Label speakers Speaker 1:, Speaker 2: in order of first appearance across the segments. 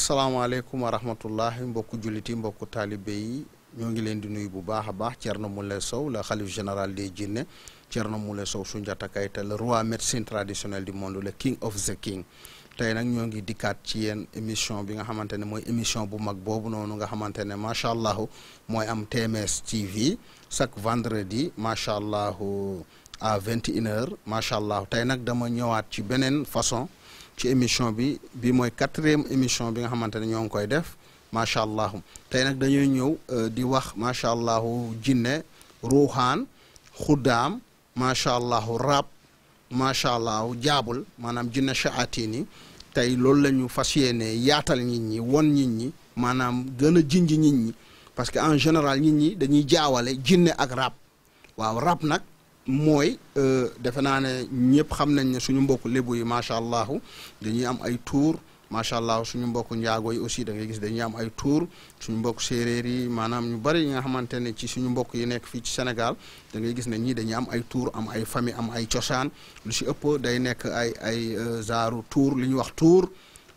Speaker 1: asalaamaaleykum wa rahmatullahi mbokku julliti mbokku taalibe yi ñoo ngi leen di nuyu bu baax a baax Thierno Moule Sow la xalif général des jinne Thierno Moule Sow Soundiata Keita le roi médecine traditionnel du monde le king of the king tey nag ñoo ngi dikkaat ci yéen émission bi nga xamante ne mooy émission bu mag boobu noonu nga xamante ne macha allah mooy am TMS TV chaque vendredi macha allah à vingt et une heures macha allah tey nag dama ñëwaat ci beneen façon. ci émission bi bi mooy quatrième émission bi nga xamante ne ñoo ngi koy def macha allah tey nag dañuy ñëw euh, di wax macha allah jinne ruuxaan xuddaam macha allah raab macha allah jaabul maanaam jinne shaatiin tey loolu la ñu fas yéene yaatal nit ñi won nit ñi maanaam gën a jinj nit ñi parce que en général nit ñi dañuy jaawale jinne ak rab waaw rab nag mooy euh, defe naa ne ñëpp xam nañ ne suñu mbokk lébu yi macha allah dañuy am ay tuur macha allah suñu mbokk njaago yi aussi da ngay gis dañuy am ay tuur suñu mbokk séeréer yi maanaam ñu bari yi nga xamante ne ci suñu mbokk yi nekk fii ci Sénégal da ngay gis ne ñii dañuy am ay tuur am ay famille am ay cosaan lu si ëpp day nekk ay ay zaaru euh, tuur li ñuy wax tuur.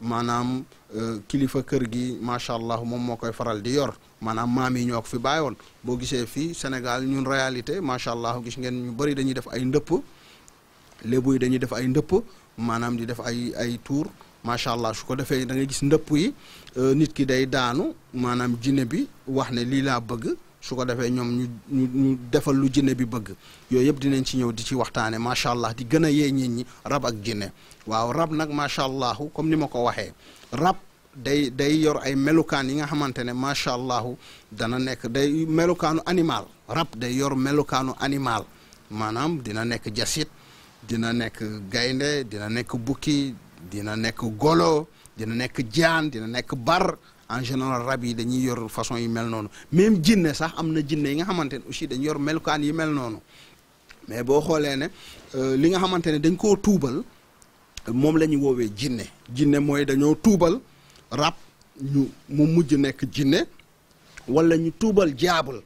Speaker 1: maanaam euh, kilifa kër gi macha allah moom moo koy faral di yor maanaam maam yi ñoo ko fi bàyyi woon boo gisee fii Sénégal ñun réalité macha allah gis ngeen ñu bari dañuy def ay ndëpp lébu yi dañuy def ay ndëpp maanaam di def ay ay tour macha allah su ko defee da ngay gis ndëpp yi euh, nit ki day daanu maanaam jinne bi wax ne lii laa bëgg. su ko defee ñoom ñu ñu defal lu jinne bi bëgg yooyu yëpp dinañ ci ñëw di ci waxtaane macha allah di gën a yee nit ñi rab ak jinne waaw rab nag macha allah comme ni ma ko waxee rab day day yor ay melukaan yi nga xamante ne macha allah dana nekk day melukaanu animal rab day yor melukaanu animal maanaam dina nekk jasit dina nekk gaynde dina nekk bukki dina nekk golo dina nekk jaan dina nekk bar en général rab yi dañuy yor façon yi mel noonu même jinne sax am na jinne yi nga xamante ne aussi dañu yor melukaan yi mel noonu mais boo xoolee ne euh, li nga xamante ne dañ koo tuubal moom la ñu woowee jinne jinne mooy dañoo tuubal rab ñu mu mujj nekk jinne wala ñu tuubal jaabul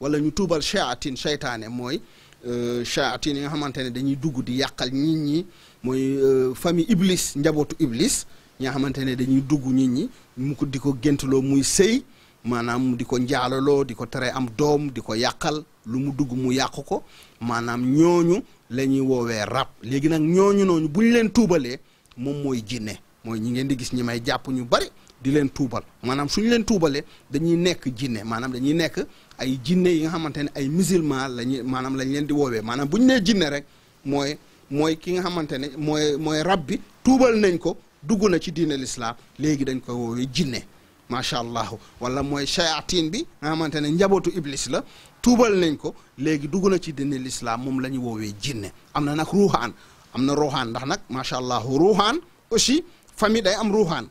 Speaker 1: wala ñu tuubal shayaatin shaytaane mooy euh, shayaatin yi nga xamante ne dañuy dugg di yàqal nit ñi mooy euh, famille iblis njabootu iblis ñi xamante ne dañuy dugg nit ñi ko di ko géntaloo muy sëy maanaam di ko njaalaloo di ko tere am doom di ko yàqal lu mu dugg mu yàq ko maanaam ñooñu la ñuy woowee rab léegi nag ñooñu noonu bu ñu leen tuubalee moom mooy jinne mooy ñi ngeen di gis ñi may jàpp ñu bari di leen tuubal maanaam suñu leen tuubalee dañuy nekk jinne maanaam dañuy nekk ay jinne yi nga xamante ne ay musulman lañuy maanaam lañu leen di woowee maanaam bu ñu nee jinne rek mooy mooy ki nga xamante ne mooy mooy rab bi tuubal nañ ko dugg na ci diine lislaam léegi dañ koy woowee jinne macha allah wala mooy shayatin bi nga xamante ne njabootu iblis la tuubal nañ ko léegi dugg na ci diine lislaam moom la ñu woowee jinne am na nag ruuxaan am na ruuxaan ndax nag macha allah ruuxaan aussi famille day am ruuxaan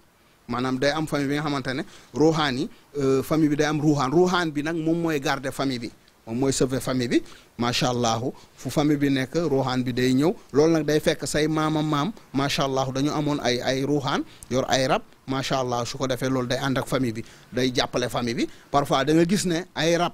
Speaker 1: maanaam day am famille bi nga xamante ne ruuxaan yi euh, famille bi day am ruuxaan ruuxaan bi nag moom mooy garder famille bi moom mooy sauver famille bi macha allah fu famille bi nekk ruuxaan bi day ñëw loolu nag day fekk say maama maam macha allah dañu amoon ay ay ruuxaan yor ay rab macha allah su ko defee loolu day ànd ak famille bi day jàppale famille bi parfois da nga gis ne ay rab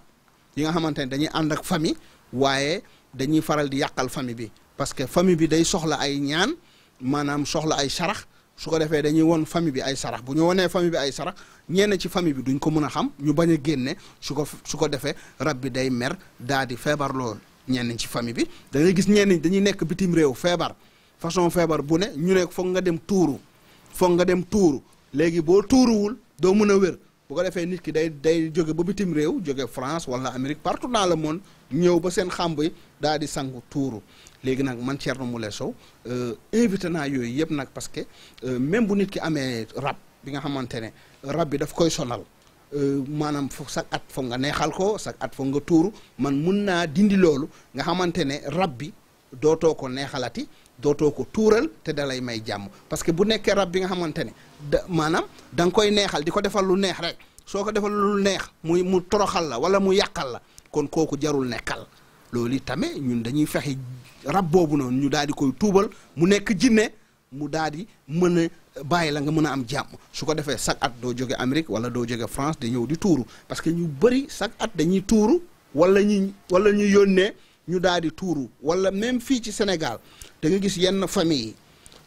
Speaker 1: yi nga xamante ne dañuy ànd ak famille waaye dañuy faral di yàqal famille bi parce que famille bi day soxla ay ñaan maanaam soxla ay sarax. su ko defee dañuy won famille bi ay sarax bu ñu wonee famille bi ay sarax ñenn ci famille bi duñ ko mën a xam ñu bañ a génne su ko su ko defee rab bi day mer daal di feebar lool ñenn ci famille bi da ngay gis ñenn dañuy nekk bitim réew feebar façon feebar bu ne ñu ne foog nga dem tuuru foog nga dem tuuru léegi boo tuuruwul doo mën a wér bu ko defee nit ki day day jóge ba bitim réew jóge France wala Amérique partout dans la moon ñëw ba seen xàmb yi daa di sangu tuuru léegi nag man Thierno Moule Sow euh, invité naa yooyu yëpp nag parce que euh, même bu nit ki amee rab bi nga xamante ne rab bi daf koy sonal euh, maanaam foog sax foog nga neexal ko sax at foog nga tuuru man mun naa dindi loolu nga xamante ne rab bi dootoo ko neexalati dootoo ko tuural te dalay may jàmm parce que bu nekkee rab bi nga xamante ne maanaam danga koy neexal di ko defal lu neex rek soo ko defal lu neex muy mu toroxal la wala mu yàqal la kon kooku jarul nekkal loolu tamit ñun dañuy fexe rab boobu noonu ñu daal di koy tuubal mu nekk jinne mu daal di mën a bàyyi la nga mën a am jàmm su ko defee chaque at doo jóge Amérique wala doo jóge France di ñëw di tuuru parce que ñu bëri chaque at dañuy tuuru wala ñi wala ñu yónnee ñu daal di tuuru wala même fii ci Sénégal da nga gis yenn famille yi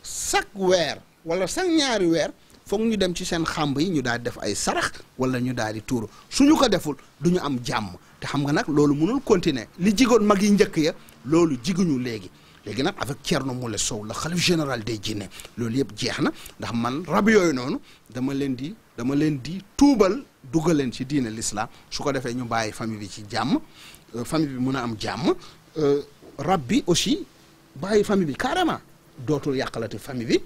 Speaker 1: chaque weer wala chaque ñaari weer foog ñu dem ci seen xàmb yi ñu daal di def ay sarax wala ñu daal di tuuru suñu ko deful du ñu am jàmm te xam nga nag loolu mënul continuer li jigoon mag yi njëkk ya loolu jiguñu léegi léegi nag avec mu Moule Sow la xalif général des jinne loolu yëpp jeex na ndax man rab yooyu noonu dama leen di dama leen di tuubal dugal leen ci diine lislaam su ko defee ñu bàyyi famille bi ci jàmm euh, famille bi mën a am jàmm euh, rab bi aussi bàyyi famille bi carrément dootul yàqalate famille bi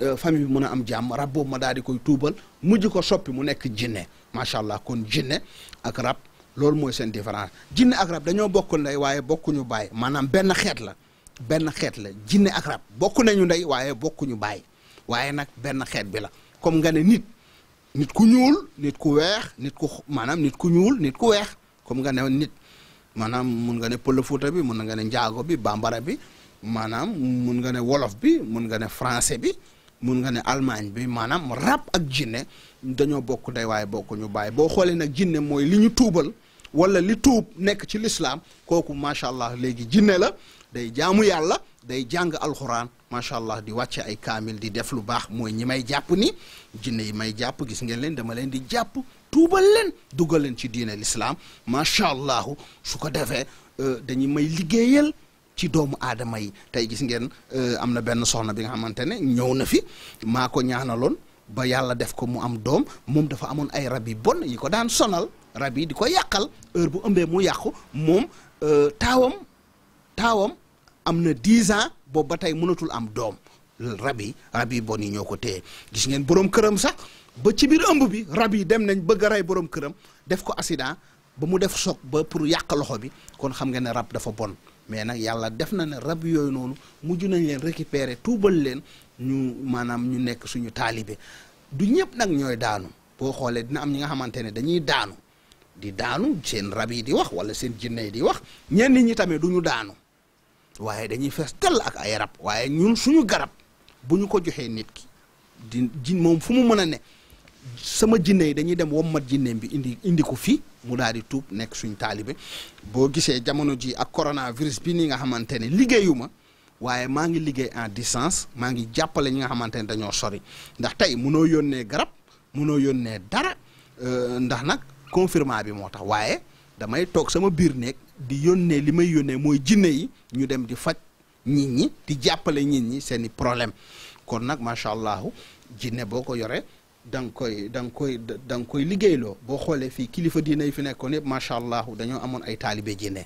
Speaker 1: euh, famille bi mën a am jàmm rab boobu ma daal di koy tuubal mujj ko soppi mu nekk jinne macha allah kon jinne ak loolu mooy seen différence jinne ak rab dañoo bokk ndey waaye ñu baay maanaam benn xeet la benn xeet la jinne ak rab bokk nañu ndey waaye bokkuñu baay waaye nag benn xeet bi la comme nga ne nit nit ku ñuul nit ku weex nit ku maanaam nit ku ñuul nit ku weex comme nga ne nit maanaam mun nga ne pël bi mun nga ne njaago bi bambara bi maanaam mun nga ne wolof bi mun nga ne français bi mun nga ne Allemagne bi maanaam rab ak jinne dañoo bokk ndey waaye bokkuñu baay boo xoolee nag jinne mooy li ñu tuubal wala li tuub nekk ci lislaam kooku macha allah léegi jinne la day jaamu yàlla day jàng alxuraan macha allah di wàcce ay kaamil di def lu baax mooy ñi may jàpp ni jinne yi may jàpp gis ngeen leen dama leen di jàpp tuubal leen dugal leen ci diine lislaam macha allah su ko defee euh, dañuy may liggéeyal ci doomu aadama yi tey gis ngeen euh, am na benn soxna bi nga xamante ne ñëw na fi maa ko ñaanaloon ba yàlla def ko mu am doom moom dafa amoon ay rab yi bon yi ko daan sonal rab yi di ko yàqal heure bu ëmbee mu yàqu moom euh, taawam taawam am na 10 ans boobu ba tey mënatul am doom rab yi rab yi bon yi ñoo ko téye gis ngeen borom këram sax ba ci biir ëmb bi rab yi dem nañ bëgg a rey borom këram def ko accident ba mu def soog ba pour yàq loxo bi kon xam nga ne rab dafa bon mais nag yàlla def na ne rab yooyu noonu mujj nañ leen récupérer tuubal leen ñu maanaam ñu nekk suñu taalibe du ñëpp nag ñooy daanu boo xoolee dina am ñi nga xamante ne dañuy daanu. di daanu seen rab yi di wax wala seen jinne yi di wax ñenn ñi tamit du ñu daanu waaye dañuy fees tell ak ay rab waaye ñun suñu garab bu ñu ko joxee nit ki di jin moom fu mu mën a ne sama jinne yi dañuy dem mat jinne bi indi indi ko fii mu daal di tuub nekk suñu taalibe boo gisee jamono ji ak coronavirus bi nii nga xamante ne liggéeyu ma waaye maa ngi liggéey en distance maa ngi jàppale ñi nga xamante ne dañoo sori ndax tey munoo yónnee garab munoo yónnee dara euh, nag confirmant bi moo tax waaye damay toog sama biir néeg di yónnee li may yónnee mooy jinne yi ñu dem di faj nit ñi di jàppale nit ñi seen i problème kon nag macha allah jinne boo ko yore da nga koy da koy da nga koy liggéeyloo boo xoolee fii kilifa diine yi fi nekkoon yëpp macha allah dañoo amoon ay taalibe jinne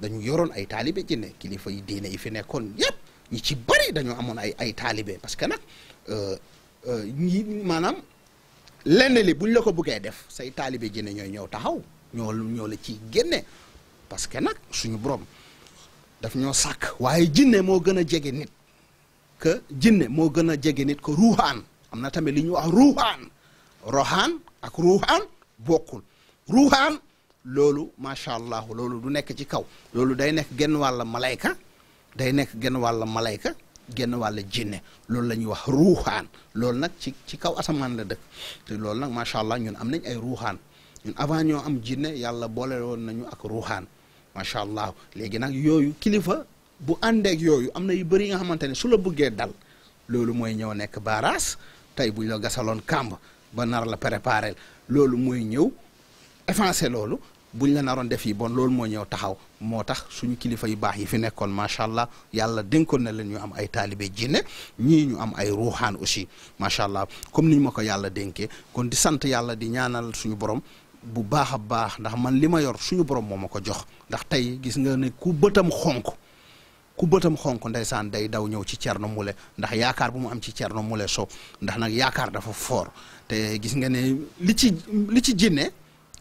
Speaker 1: dañu yoroon ay taalibe jinne kilifa yi diine yi fi nekkoon yëpp ñi ci bëri dañoo amoon ay ay taalibe parce que nag euh, euh, ñi maanaam lenn li buñ la ko buggee def say taalibe jinne ñooy ñëw taxaw ñoo ñoo la ci génne parce que nag suñu borom daf ñoo sàkk waaye jinne moo gën a jege nit que jinne moo gën a jege nit ko ruuxaan am na tamit li ñuy wax ruuxaan roxaan ak ruuxaan bokkul ruuxaan loolu macha allah loolu du nekk ci kaw loolu day nekk genn wàll malayka day nekk genn wàll malayka genn wàll jinne loolu la ñuy wax ruuxaan loolu nag ci ci kaw asamaan la dëkk te loolu nag macha allah ñun am nañ ay ruuxaan ñun avant ñoo am jinne yàlla boole woon nañu ak ruuxaan macha allah léegi nag yooyu kilifa bu àndeek yooyu am na yu bëri yi nga xamante ne su la buggee dal loolu mooy ñëw nekk baaraas tey buñ la gasaloon kàmb ba nar la préparer loolu mooy ñëw effacer loolu bu buñ la naroon def yi bon loolu moo ñëw taxaw moo tax suñu kilifa yu baax yi fi nekkoon macha allah yàlla dénkoon na leen ñu am ay taalibe jinne ñii ñu am ay ruuxaan aussi macha allah comme ni ma ko yàlla dénkee kon di sant yàlla di ñaanal suñu borom bu baax a baax ndax man li ma yor suñu borom moom ma ko jox ndax tey gis nga ne ku bëtam xonk ku bëtam xonk ndeysaan day daw ñëw ci Thierno Moule ndax yaakaar bu mu am ci Thierno Moule Sow ndax nag yaakaar dafa foor te gis nga ne li ci li ci jinne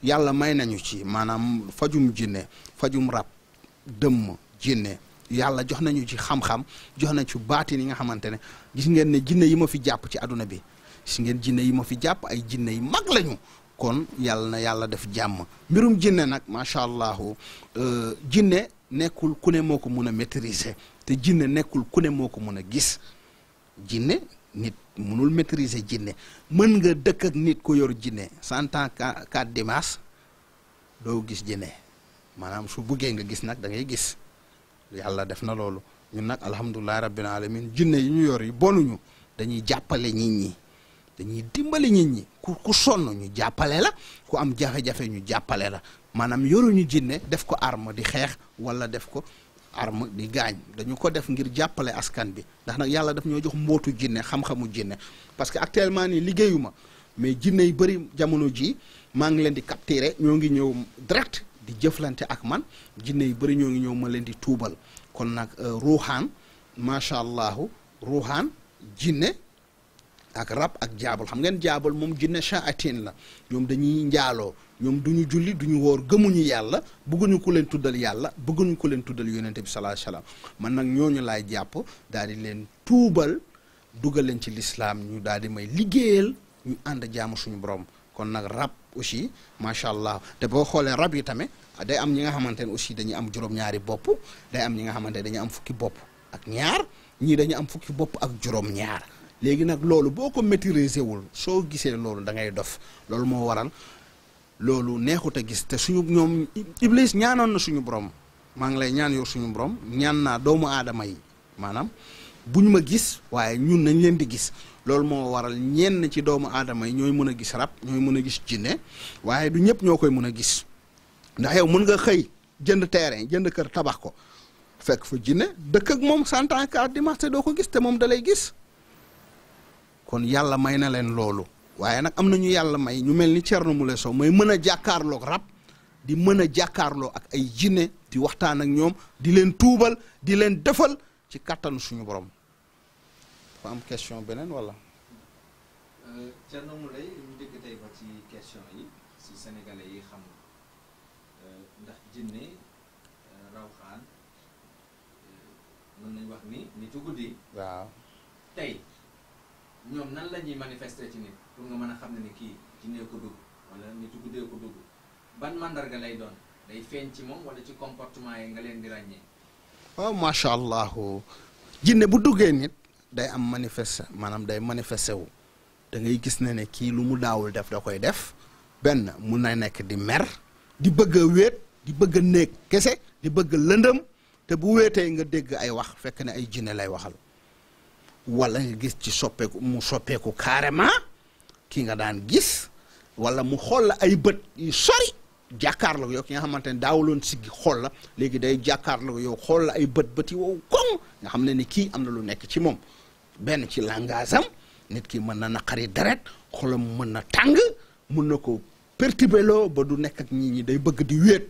Speaker 1: yàlla may nañu ci maanaam fajum jinne fajum rab dëmm jinne yàlla jox nañu ci xam-xam jox nañu ci baatin yi nga xamante ne gis ngeen ne jinne yi ma fi jàpp ci àdduna bi si ngeen jinne yi ma fi jàpp ay jinne yi mag lañu kon yàlla na yàlla def jàmm mbirum jinne nag macha allah euh, jinne nekkul ku ne moo ko mun a maîtriser te jinne nekkul ku ne moo ko mën a gis jinne nit mënul maîtriser jinne mën nga dëkk ak nit ku yor jinne cent ans quatre dimanche doo gis jinne maanaam su buggee nga gis nag da ngay gis yàlla def na loolu ñu nag alhamdulilah rabbil alamin jinne yi ñu yor yi bonuñu dañuy jàppale nit ñi dañuy dimbali nit ñi ku ku sonn ñu jàppale la ku am jafe-jafe ñu jàppale la maanaam ñu jinne def ko arme di xeex wala def ko arm di gaañ dañu ko def ngir jàppale askan bi ndax nag yàlla def ñoo jox mbootu jinne xam-xamu jinne parce que actuellement nii liggéeyuma mais jinne yu bëri jamono ji maa ngi leen di capturer ñoo ngi ñëw direct di jëflante ak man jinne yu bari ñoo ngi ñëw ma leen di tuubal kon nag euh, ruuxaan macha allahu ruuxaan jinne ak rab ak jaabul xam ngeen jaabul moom jinne chaatin la ñoom dañuy njaaloo ñoom du ñu julli du ñu woor gëmuñu yàlla bëgguñu ko leen tuddal yàlla bëgguñu ko leen tuddal yonente bi salaa salaam man nag ñooñu laay jàpp daal di leen tuubal dugal leen ci lislaam ñu daal di may liggéeyal ñu ànd jaamu suñu borom kon nag rab aussi macha allah te boo xoolee rab yi tamit day am ñi nga xamante ne aussi dañuy am juróom-ñaari bopp day am ñi nga xamante ne dañuy am fukki bopp ak ñaar ñii dañu am fukki bopp ak juróom-ñaar léegi nag loolu boo ko maîtriser wul soo gisee loolu da ngay dof loolu neexut a gis te suñu ñoom Iblis ñaanoon na suñu borom maa ngi lay ñaan yow suñu borom ñaan naa doomu aadama yi maanaam buñ ma gis waaye ñun nañ leen di gis loolu moo waral ñenn ci doomu aadama yi ñooy mën a gis rab ñooy mën a gis jinne waaye du ñëpp ñoo koy mën a gis ndax yow mën nga xëy jënd terrain jënd kër tabax ko fekk fa jinne dëkk ak moom cent ans quart te doo ko gis te moom dalay gis kon yàlla may na leen loolu. waaye nag am na ñu yàlla may ñu mel ni Thierno Moule Sow mooy mën a jàkkaarlook rab di mën a jàkkaarloo ak ay jinne di waxtaan ak ñoom di leen tuubal di leen defal ci kàttanu suñu borom fa am question beneen wala. Euh, Thierno Moule ñu dégg tey ba ci question yi si sénégalais yi xam euh, ndax jinne euh, rawxaan mën nañ wax ni ni ci guddi waaw tey. ñoom nan la ñuy manifester ci nit pour nga mën a xam ne ni kii ci ko dugg wala nit ku dee ko dugg ban mandarga lay doon day feeñ ci moom wala ci comportement yi nga leen di ràññee. waaw macha allah jinne bu duggee nit day am manifeste maanaam day manifesté wu da ngay gis ne ne kii lu mu daawul def da koy def benn mun na nekk di mer di bëgg a wéet di bëgg a néeg kese di bëgg lëndëm te bu wéetee nga dégg ay wax fekk ne ay jinne lay waxal. wala nga gis ci soppeeku mu soppeeku carrément ki nga daan gis wala mu xool la ay bët yu sori jàkkaarloo yow ki nga xamante ne daawuloon siggi xool la léegi day jàkkaarloo yow xool la ay bët bët yi wow koŋ nga xam ne ni kii am na lu nekk ci moom benn ci langage nit ki mën na naqari deret mu mën na tàng mun na ko perturber loo ba du nekk ak nit ñi day bëgg di wéet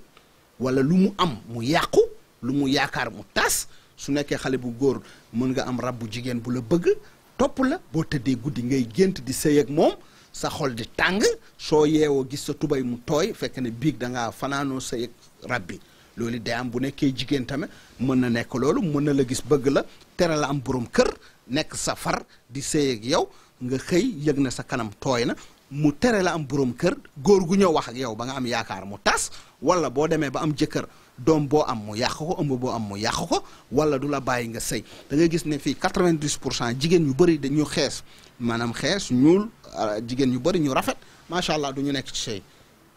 Speaker 1: wala lu mu am mu yàqu lu mu yaakaar mu tas su nekkee xale bu góor mën nga am rab bu jigéen bu la bëgg topp la boo tëddee guddi ngay gént di sëy ak moom sa xol di tàng soo yeewoo gis sa tubay mu tooy fekk ne biig da ngaa fanaanoo sëy ak rab bi loolu day am bu nekkee jigéen tamit mën na nekk loolu mën na la gis bëgg la tere la am borom kër nekk sa far di sëy ak yow nga xëy yëg na sa kanam tooy na mu tere la am borom kër góor gu ñëw wax ak yow ba nga am yaakaar mu tas wala boo demee ba am jëkkër doom boo am mu yàq ko ëmb boo am mu yàq ko wala du la bàyyi nga sëy danga gis ne fii 90 pour cent jigéen ñu bëri dañu xees maanaam xees ñuul ah, jigéen ñu bëri ñu rafet macha allah du ñu nekk ci sëy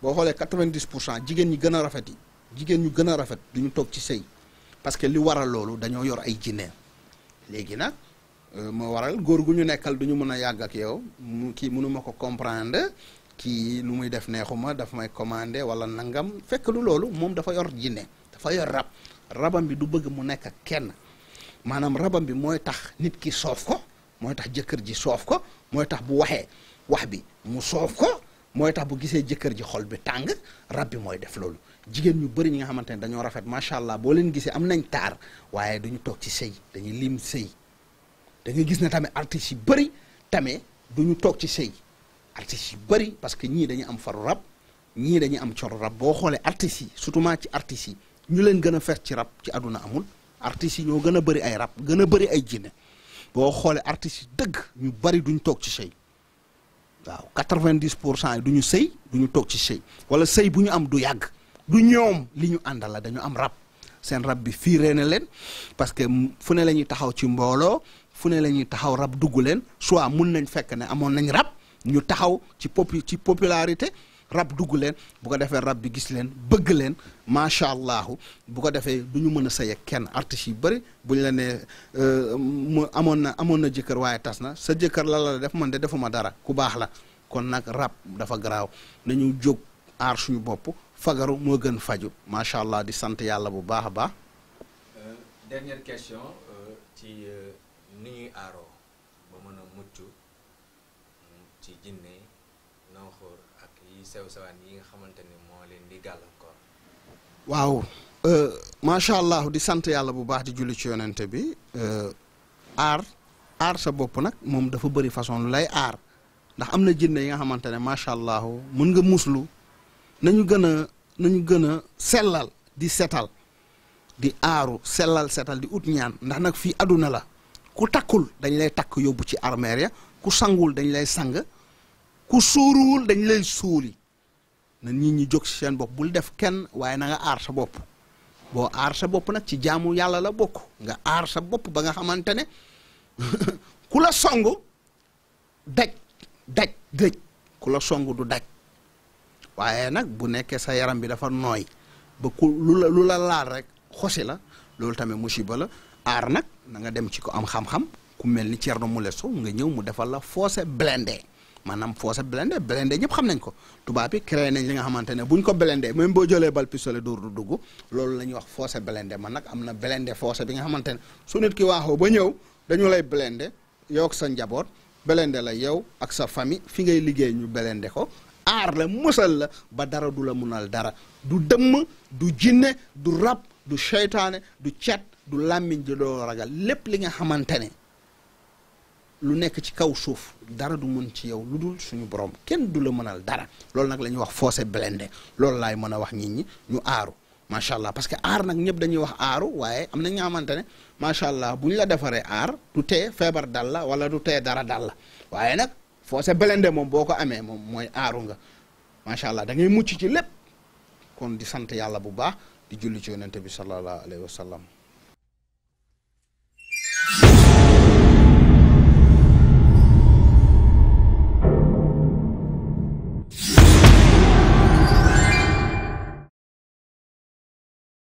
Speaker 1: boo xoolee 90 pour cent jigéen ñi gën a rafet yi jigéen ñu gën a rafet du ñu toog ci sëy parce que li waral loolu dañoo yor ay jinne léegi nag euh, ma waral góor gu ñu nekkal du ñu mën a yàggak yow mu kii mënuma ko comprendre kii lu muy def neexuma dafa may commandé wala nangam fekk lu loolu moom dafa yor jinne dafa yor rab rabam bi du bëgg mu nekk ak kenn maanaam rabam bi mooy tax nit ki soof ko mooy tax jëkkër ji soof ko mooy tax bu waxee wax bi mu soof ko mooy tax bu gisee jëkkër ji xol bi tàng rab bi mooy def loolu jigéen ñu bëri ñi nga xamante ne dañoo rafet macha allah boo leen gisee am nañ taar waaye duñu toog ci sëy dañuy lim sëy da gis ne tamit artistes yi bëri tamit duñu toog ci sëy artistes yu bëri parce que ñii dañuy am faru rab ñii dañuy am coro rab boo xoolee artistes yi surtout ci artistes yi ñu leen gën a fees ci rab ci adduna amul artistes yi ñoo gën a bëri ay rab gën a bëri ay jinne boo xoolee artistes yi dëgg ñu bëri duñu toog ci sëy waaw quatre pour cent yi du ñu sëy du ñu toog ci sëy wala sëy bu ñu am du yàgg du ñoom li ñu àndal la dañu am rab seen rab bi fiiree na leen parce que fu ne la ñuy taxaw ci mbooloo fu ne la ñuy taxaw rab dugg leen soit mun nañ fekk ne amoon nañ rab ñu taxaw ci pop ci popularité rab dugg leen bu ko defee rab bi gis leen bëgg leen macha allah bu ko defee du ñu mën a sëy kenn artistes yu bëri bu ñu la nee euh, amoon na amoon na jëkkër waaye tas na sa jëkkër la def man de defuma dara ku baax la kon nag rab dafa garaaw nañu jóg aar suñu bopp fagaru moo gën faju macha allah di sant yàlla bu baax a baax. Euh, question euh, ci ni aaroo ba ci jinne yi sew sewaan yi nga xamante ni moo leen di gàllankoor waaw euh, macha allah di sant yàlla bu baax di julli ci yonente bi euh, aar aar sa bopp nag moom dafa bëri façon lu lay aar ndax am na jinne yi nga xamante ne macha allah mën nga muslu nañu gën a nañu gën a sellal di setal di aaru sellal setal di ut ñaan ndax nag fii àdduna la ku takkul dañ lay takk yóbbu ci armeer ya ku sangul dañ lay sang ku sóoruwul dañ lay suuli na nit ñi jóg ci seen bopp bul def kenn waaye na nga aar sa bopp boo aar sa bopp nag ci jaamu yàlla la bokk nga aar sa bopp ba nga xamante ne ku la song daj daj dëj ku la song du daj waaye nag bu nekkee sa yaram bi dafa nooy ba ku lu la laal rek xosi la loolu tamit musiba la aar nag nanga dem ci ko am xam-xam ku mel ni Thierno Moule Sow nga ñëw mu defal la fossé blindé maanaam force blindé blindé ñëpp xam nañ ko tubaab bi créé nañ li nga xamante ne buñ ko blindé moom boo jëlee bal pistolet dóor du dugg loolu la ñuy wax force blindé man nag am na blindé force bi nga xamante ne su nit ki waaxoo ba ñëw dañu lay blindé yow ak sa njaboot blindé la yow ak sa famille fi ngay liggéey ñu belende ko aar la musal la ba dara du la munal dara du dëmm du jinne du rab du seytaane du cat du làmmiñ di doo ragal lépp li nga xamante ne lu nekk ci kaw suuf dara du mën ci yow lu dul suñu borom kenn du la mënal dara loolu nag la ñuy wax foose blindé loolu laay mën a wax nit ñi ñu aaru macha allah parce que aar nag ñëpp dañuy wax aaru waaye am na ñoo xamante ne macha allah bu ñu la defaree aar du tee feebar dal la wala du tee dara dal waaye nag foose blindé moom boo ko amee moom mooy aaru nga macha allah da ngay mucc ci lépp kon di sant yàlla bu baax di julli ci yonente bi sallallahu alayhi wa sallam